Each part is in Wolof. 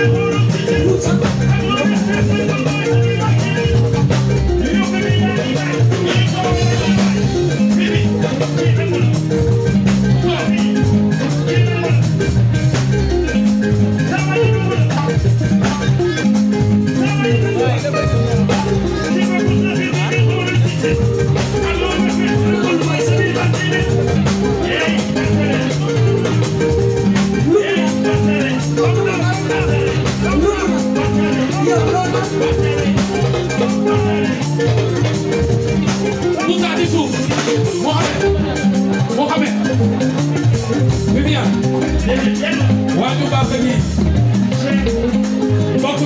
Thank you. waa ñu baax a gis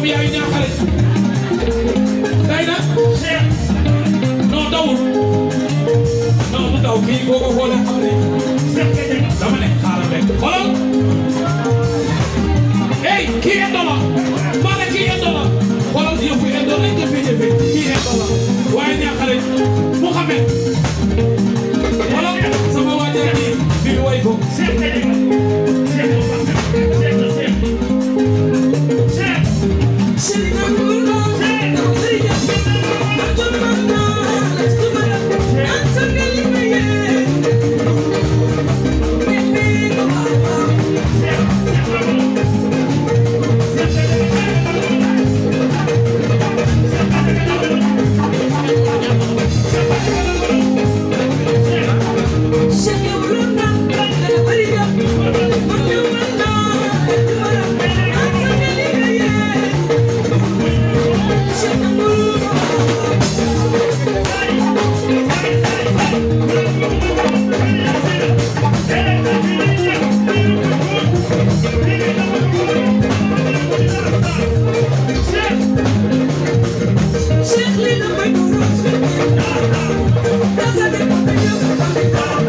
bi ay ñaaxale day na non dawul non kii boo ko xoolee xam ne dama ne xaaral rek xoolal hey kii indo la maa ne kii indo la xoolal yëfu indo lañ jafe-jafe kii indo la waaye ñaaxale mu xamee xoolal sama waa jërëjëf bi way ko Thank you.